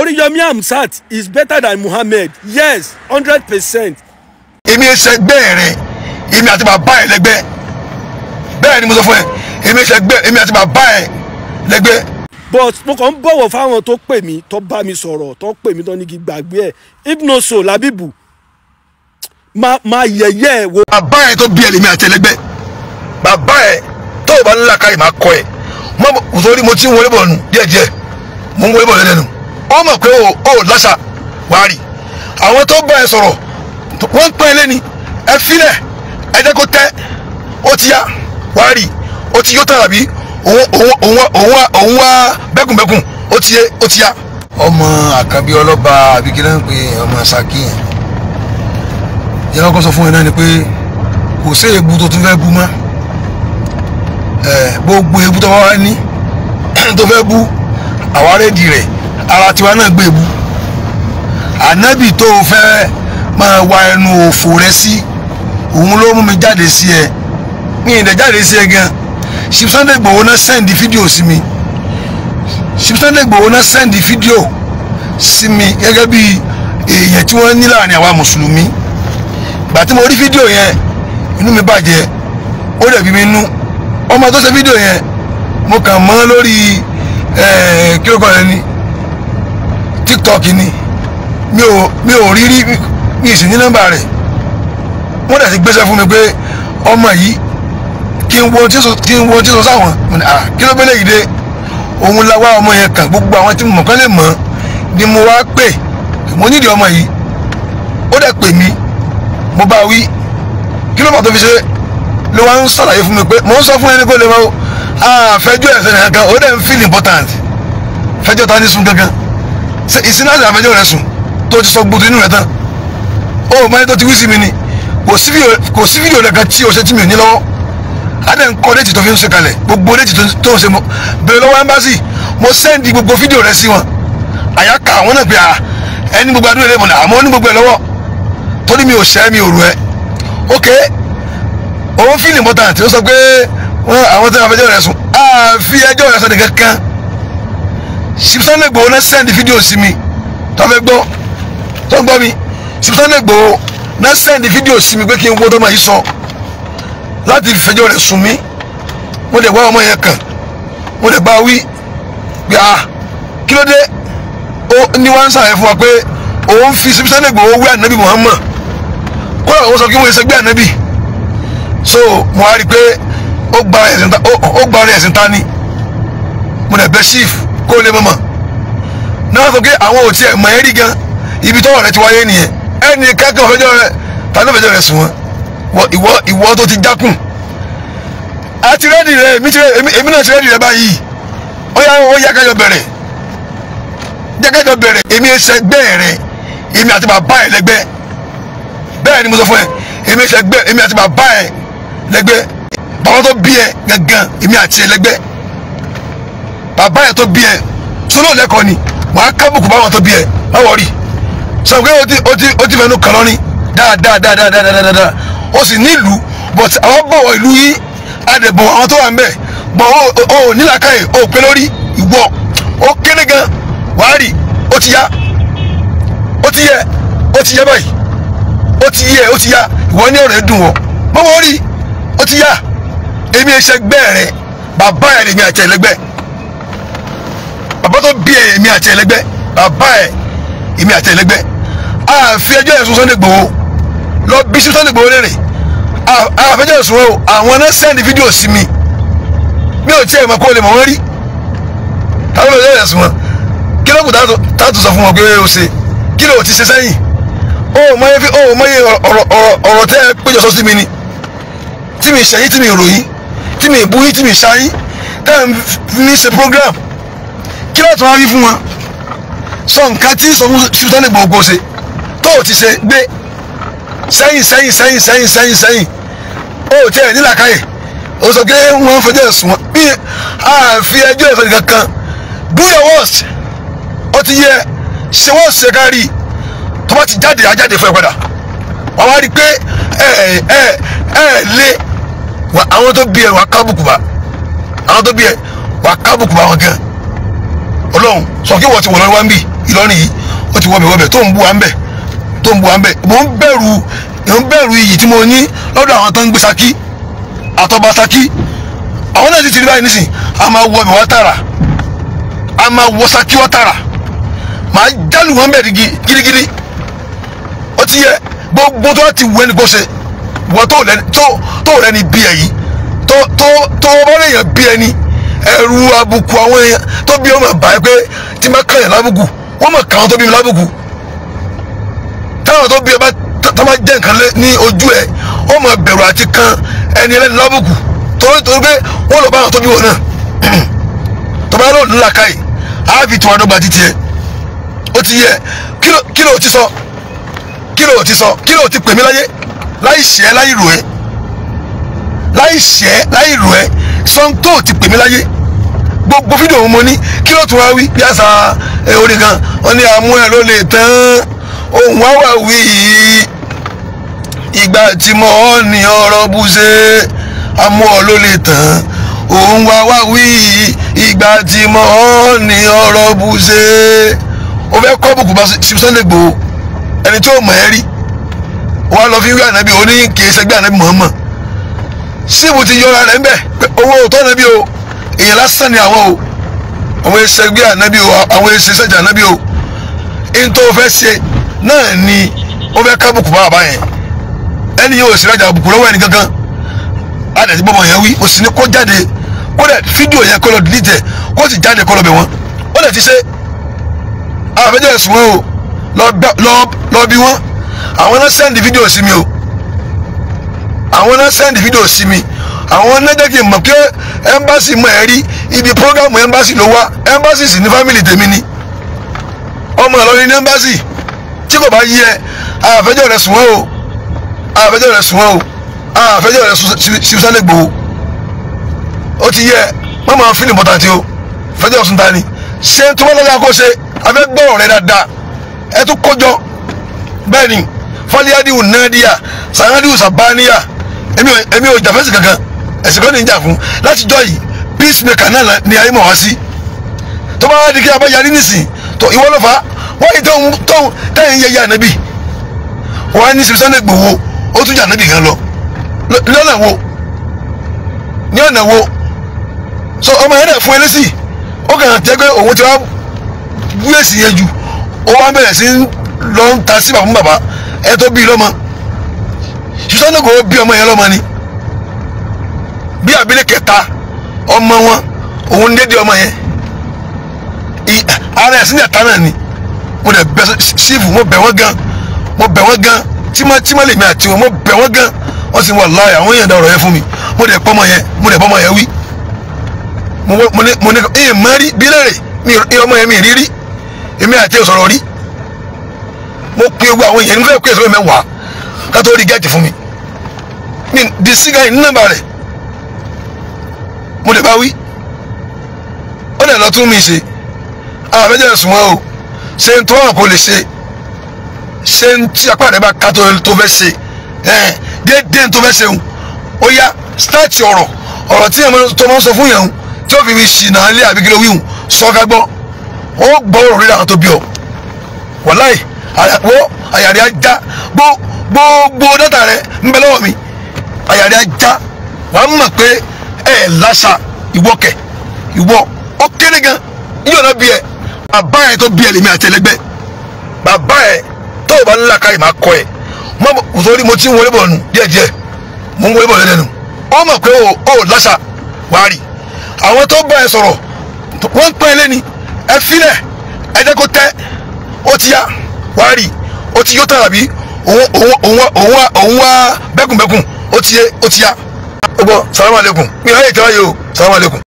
Oriyomi Hamzat is better than Muhammed yes hundred percent. èmi ṣẹgbẹ́ rẹ̀ èmi àti bàbá ẹ̀ lẹ́gbẹ́ bẹ́ẹ̀ ni mo sọ fún ẹ èmi ṣẹgbẹ́ èmi àti bàbá ẹ̀ lẹ́gbẹ́. but mo kàn ń bọ̀wọ̀ fáwọn tó pè mí tó bá mi sọ̀rọ̀ tó pè mí tó ní kí gbàgbé ẹ̀ ibnoso labibu máa yẹ̀yẹ́ ẹ̀ wo. bàbá ẹ̀ tó bí ẹ̀ lèmi àti ẹlẹ́gbẹ́ bàbá ẹ̀ tó o bá ńlá káyìí máa kọ ẹ̀ mo sọ orí mo ti ń wọlé bọ̀ nù díẹ̀díẹ̀ mo ń wọlé bọ̀ lẹ́nu ó mọ̀ pé ó láṣà wàá rì àwọn tó bá ẹ sọ̀rọ̀ wọ́n ń pẹ́ lẹ́ni ẹ filẹ̀ ẹ jẹ́ kó tẹ́ ó ti yá wàá rì ó ti yó tààrà bí òun wá bẹ́kùnbẹ́kùn ó ti yé ó ti yá. ọmọ àkànbí ọlọ́ba àbíkílẹ̀ ń pe ọmọ ṣàkíyàn yàrá kan sọ fún ẹ náà ni pé kò sí èébú tó tún fẹ́ bú mọ́ gbogbo èébú tó wá ní tó fẹ́ bú àwárẹ̀dì rẹ̀ ara tiwa náà gbèbú ànábì tó o fẹ́ máa wa ẹnu òfò rẹ sí òun ló mú mi jáde sí ẹ mi ì dẹ̀ jáde sí ẹ gan Chief Sunday náà sẹ́ndì fídíò sí mi Chief Sunday náà sẹ́ndì fídíò sí mi gẹ́gẹ́ bí èèyàn tí wọ́n ní láàrin àwa mùsùlùmí gbà tí mo rí fídíò yẹn inú mi bàjẹ́ ó dẹ̀ bí mi nú ọmọ tó ṣe fídíò yẹn mo kàn mọ́ lórí eh, kí ló kọ́ ẹ ní tọ́ọ̀kì ni mi ò mi ò rí rí mi ì sì ní nọ́mbà rẹ̀ wọ́n dẹ̀ ti gbéṣẹ́ fún mi pé ọmọ yìí kí n wo tí n wo tí n sọ sáwọn kí ló bẹ́lẹ̀ yìí dé òun la wá ọmọ yẹn kàn gbogbo àwọn tí mo mọ̀ kán lè mọ̀ ni mo wá pè mo nídìí ọmọ yìí ó dẹ̀ pè mí mo bá wí kí ló bá tó fi ṣe ló wá ń ṣàlàyé fún mi pé mò ń sọ fún ẹni kó lè máa fẹjọ́ ẹ̀sẹ̀ nìkan kan ó dẹ̀ ń feel important fẹjọ́ ta ní sun gangan ṣe ìsínláṣẹ àfẹjọ rẹ sùn tó ti sọ gbogbo inú rẹ tán ó mọ ẹni tó ti wí sí mi ni kò sí fídíò rẹ kan tí o ṣe tí mi ò ní lọ́wọ́ adé ńkọ déètì tó fi ń ṣe kalẹ̀ gbogbo déètì tó ń ṣe mọ bèrè lọ́wọ́ ẹ́mbásì mo sẹ́ndì gbogbo fídíò rẹ sí wọn àyàká àwọn náà pé ẹni gbogbo adúlé lè mọ̀ náà àmọ́ ní gbogbo ẹ̀ lọ́wọ́ torí mi ò ṣẹ́ mi ò rù ẹ́ ok òun fíìlì mọ́tà tí ó sọ pé àwọn tí wọ́n fẹjọ́ rẹ sùn àfi ẹjọ́ rẹ sọ nìkan kan Sunday Igboho náà send fídíò sí mi tó fẹ́ gbọ́ tó ń gbọ́ mi Sunday Igboho náà send fídíò sí mi pé kí n wo ma yìí sọ láti fẹjọ́ rẹ̀ sùn mí mo lè wá ọmọ yẹn kàn mo lè bá wí pé ah kí ló dé ó ní wá ń sàlàyé fún wa pé òun fi Sunday Igboho wé ànábì Muhammad kó àwọn sọ kí wọ́n ṣe gbé ànábì so mo wá rí i pé ó gba ẹ̀sìn ta ni mo lè bẹ́ chief kó lè mọ̀mọ̀ náà sọ pé àwọn ò tiẹ̀ mọ̀ ẹ́ rí gan ibi tọ́wọ́ rẹ ti wáyé nìyẹn ẹnì kankan fẹjọ́ rẹ tàbí fẹjọ́ rẹ sùn wọn ìwọ ìwọ tó ti jákùn àti rẹ́ẹ̀dì rẹ èmi náà ti rẹ́ẹ̀dì rẹ báyìí ó yá ó yá kájọ bẹ̀rẹ̀ jẹ́ kájọ bẹ̀rẹ̀ èmi ẹsẹ̀ gbẹ́ rẹ èmi àti bàbá ẹ̀ lẹ́gbẹ́ bẹ́ẹ̀ ni mo sọ fún ẹ èmi ẹsẹ̀ gbẹ́ èmi àti bàbá ẹ̀ lẹ́gbẹ́ bàbá tó bí ẹ gangan èmi àti ẹ lẹ́gbẹ́ bàbá yẹn tó bí ẹ sọlọ lẹkọọ ni wàá kábùkù báwọn tó bí ẹ má wọrí sọgbẹ́ o ti o ti o ti fẹnu kàlọ́ ni dáadáa dáadáa dáadáa o sì nílùú but àwọn bọ̀wọ̀ ìlú yìí àdẹ̀bọ̀ àwọn tó wà ń bẹ̀ bọ̀ o ò nílàkàyè o pé lórí ìwọ o kéré gan wàá rí o ti yá o ti yẹ o ti yẹ báyìí o ti yẹ o ti yá ìwọ ní ọ̀rẹ́ dùn wọ mọ wọ́n rí o ti yá èmi ẹ̀ṣẹ̀ gbẹ́ rẹ bàbá yẹn lèmi àti bàbá tó bí ẹ èmi àti ẹlẹgbẹ́ bàbá ẹ èmi àti ẹlẹgbẹ́ àfi ẹjọ́ ẹ̀sùn Sunday Igboho lọ bí sí Sunday Igboho léèrè àfẹjọ́ ẹ̀sùn o àwọn náà sẹ́ndì fídíò sí mi mi ò tiẹ̀ mọ̀ kó lè mọ̀ wọ́n rí táwọn ẹ̀jọ́ ẹ̀sùn wọn kí ló kù táàtù sọ fún wọn pé o ṣe kí ló ti ṣe sẹ́yìn o mọye fi o mọye ọ̀rọ̀ tẹ́ ẹ péjọ sọ sí mi ni tí mi ṣẹ̀yìn tí mi ròyìn tí mi bú yín tí mi ṣáyín tẹ́ ẹ ní ṣe program kí ló tún wá wí fún wọn sọ nǹkan tí sùtẹ́nì gbogbo ṣe tó o ti ṣe gbé sẹ́yìn sẹ́yìn sẹ́yìn sẹ́yìn sẹ́yìn sẹ́yìn o ò tiẹ̀ nílàkàyè o sọ pé wọ́n fẹjọ́ ẹ̀sùn wọn bí àfi ẹjọ́ ẹ̀sùn kankan do your worst ó ti yẹ ṣe wọ́n ṣe kárí tó bá ti jáde àjáde fún ẹ padà wọ́n wá rí i pé ẹ ẹ ẹ lé àwọn tó bí ẹ wà kábùkù bá àwọn tó bí ẹ wà kábùkù bá wọn gan ọlọ́run sọ kí wọ́n ti wọ̀ lọ́wọ́ ń bì ìlọrin yìí ó ti wọ mi wọ́bẹ̀ tó ń bu wa ń bẹ̀ tó ń bu wa ń bẹ̀ mò ń bẹ̀rù mò ń bẹ̀rù iyì tí mo ní lọ́dọ̀ àwọn tó ń gbé Ṣakí àtọ́ba Ṣakí àwọn náà sì ti rí báyìí nísìn a máa wọ mi wá tààrà a máa wọ Ṣakí wá tààrà màá jálù wọn bẹ̀ gidigidi ó ti yẹ gbogbo tó ti wù ẹni kó ṣe wọ́n tó rẹ ni bí ẹ yìí tó tó tó bá ẹrù àbùkù àwọn èèyàn tó bí ọmọ bá yẹ pé tí má kàn yàn lábùkù wọ́n mọ̀ kàn án tó bí mi lábùkù táwọn tó bí ẹ bá tó bá jẹ́ nǹkan ní ojú ẹ wọ́n mọ̀ bẹ̀rù àti kan ẹni ẹlẹ́ni lábùkù torí torí pé wọ́n lọ bá àwọn tó bí wọn náà tó bá lọ́ọ̀ nílà káyì á fi tiwọn àdọ́gba títí ẹ ó ti yẹ kí ló ti sọ kí ló ti sọ kí ló ti pè mí láyé láì ṣẹ́ láì rò ẹ́ láì ṣẹ́ láì rò ẹ́ santo ti pè mí láyé gbogbo fídíò òun mo ní kí ló tún wá wí bí àṣà orin kan wọn ní àmú ẹ ló lè tán ohun wá wà wí yìí ìgbà tí mo ní ọ̀rọ̀ bú ṣe àmú ọ ló lè tán ohun wá wà wí yìí ìgbà tí mo ní ọ̀rọ̀ bú ṣe o fẹ́ kọ́ bùkún bá Sunday Igboho ẹni tí ó mọ̀ ẹ́ rí wọ́n lọ fi wí ànábì oníkèé sẹ́gbẹ́ ànábì Muhammad síìbù ti yọra rẹ̀ ńbẹ̀ owó òótọ́ nàbí o èèyàn lásán ni àwọn o àwọn èsì ẹgbẹ́ ànábì o àwọn èsì sẹ́jà ànábì o n tó fẹ́ ṣe náà ni ó fẹ́ ká bùkù bàbá yẹn ẹni yóò sì rájà bùkù lọ́wọ́ ẹni kankan àdàtí bọ́mọ yẹn wí mo sì ní kó jáde kó dẹ̀ fídíò yẹn kó lọ dìlítẹ̀ kó sì jáde kó lọ bẹ̀ wọ́n ó dẹ̀ ti ṣe àwọn afẹ́jọ́ ẹ̀sùn wọn o lọ bí wọ́n àwọn náà sẹ́ndì fídíò sí mi o àwọn náà send video sí mi àwọn náà jẹ́ kí n mọ̀ pé embassy mọ̀ ẹ́ rí ibi programu embassy ló wá embassy sì ní family tèmi ni ọmọ Ìlọrin ní embassy tí kò bá yí ẹ àfẹjọ́ rẹ sùn wọ́n o àfẹjọ́ rẹ sùn wọ́n o àfẹjọ́ rẹ ṣiṣẹ́ gbòó ó ti yẹ mọ́ máa fílì mọ́ta tí o fẹjọ́ sùn ta ni ṣé tó bá lọ́jà kó ṣe afẹ́ gbọ́rọ̀ rẹ dáadáa ẹ tún kójọ bẹ́ẹ̀ ni fọlíádìwù nàdíyà sàrádìwù sàbáníyà èmi ò èmi ò jàfẹ́sì kankan ẹ̀sìn kan ní ìjà fún látijọ́ yìí peacemaker náà ni ayé mọ̀ wá sí tó bá wá di kí abáyarí nìsín tó ìwọ lọ́fà wọ́n yìí tóun tóun tẹ́yìn yẹyẹ ànábì wọ́n á ní sinmi Sunday Igboho ó tún yà ànábì gan lọ lọ́nà wo ní ọ̀nà wo so ọmọ yẹn náà fún ẹlẹ́sì ó kàn tẹ́ pé òun ti wá bú èsì yẹn jù ó wá bẹ̀rẹ̀ sí lọ́n sí bàbá ẹ tó bí lọ́mọ sọ́nà kò bí ọmọ yẹn lọ́mọ ni bí abilé kẹta ọmọ wọn òun dédé ọmọ yẹn ara ẹ̀sìn ẹ̀ta náà ni mo dẹ̀ bẹ sífù mo bẹ̀ wọ́n gan mo bẹ̀ wọ́n gan tímọ́tímọ́ lèmi àti wọn mo bẹ̀ wọ́n gan wọ́n sì wà láàyè àwọn èèyàn dá ọ̀rọ̀ yẹn fún mi mo dẹ̀ pọ́ ọmọ yẹn mo dẹ̀ pọ́ ọmọ yẹn wí mo ní mo ní ẹ̀ mẹ́rí bí lẹ́rẹ̀ mi ọmọ yẹn mi rí rí èmi àti sọ̀rọ̀ rí mo pe gbogbo àwọn èèyàn nígbà pé èso mẹ́wàá ká tó rí gẹ́ẹ̀tì fún mi mi di sígá yìí nọ́mbà rẹ̀ mo lè bá wí ó lè lọ tún mi ṣe àbẹ́jẹ́ sùn wọn o ṣe ń tó hàn kó lè ṣe ṣe ń tí apá rẹ bá ká tó fẹ́ ṣe déédéé tó fẹ́ ṣe ń ó yá sítáàtì ọ̀rọ̀ ọ̀rọ̀ tí tó máa ń sọ fún yẹn ń tí ó fi fi ṣì náà lé àbí kíló wíhùn sọ ká gbọ́ ó gbọ́ ọ̀rọ̀ rírà kan tó bí ọ wàláì àyàwó àyàrí ajá gbogbo dátà rẹ ń bẹ lọ́wọ́ mi àyàrá já wàá mọ̀ pé ẹ ẹ̀ láṣà ìwọ kẹ̀ ìwọ ó kéré gan yóò náà bí ẹ bàbá ẹ tó bí ẹ lèmi àtẹlẹgbẹ́ bàbá ẹ tó o bá ń là káyì máa kọ ẹ mo sọ mo ti ń wọlé bọ̀ nù díẹ̀díẹ̀ mo ń wọlé bọ̀ lẹ́nu ó mọ̀ pé o ò láṣà wàá rí àwọn tó bá ẹ sọ̀rọ̀ wọ́n ń pẹ́ ilé ni ẹ filẹ̀ ẹ jẹ́ kó tẹ́ ó ti yá wàá rí o ti yó tàbí òun wá bẹ́kùnbẹ́kùn ó ti yé ó ti yá ó gbọ́ salamu aleykum mi ò ráyè tẹ́wáyé o salamu aleykum.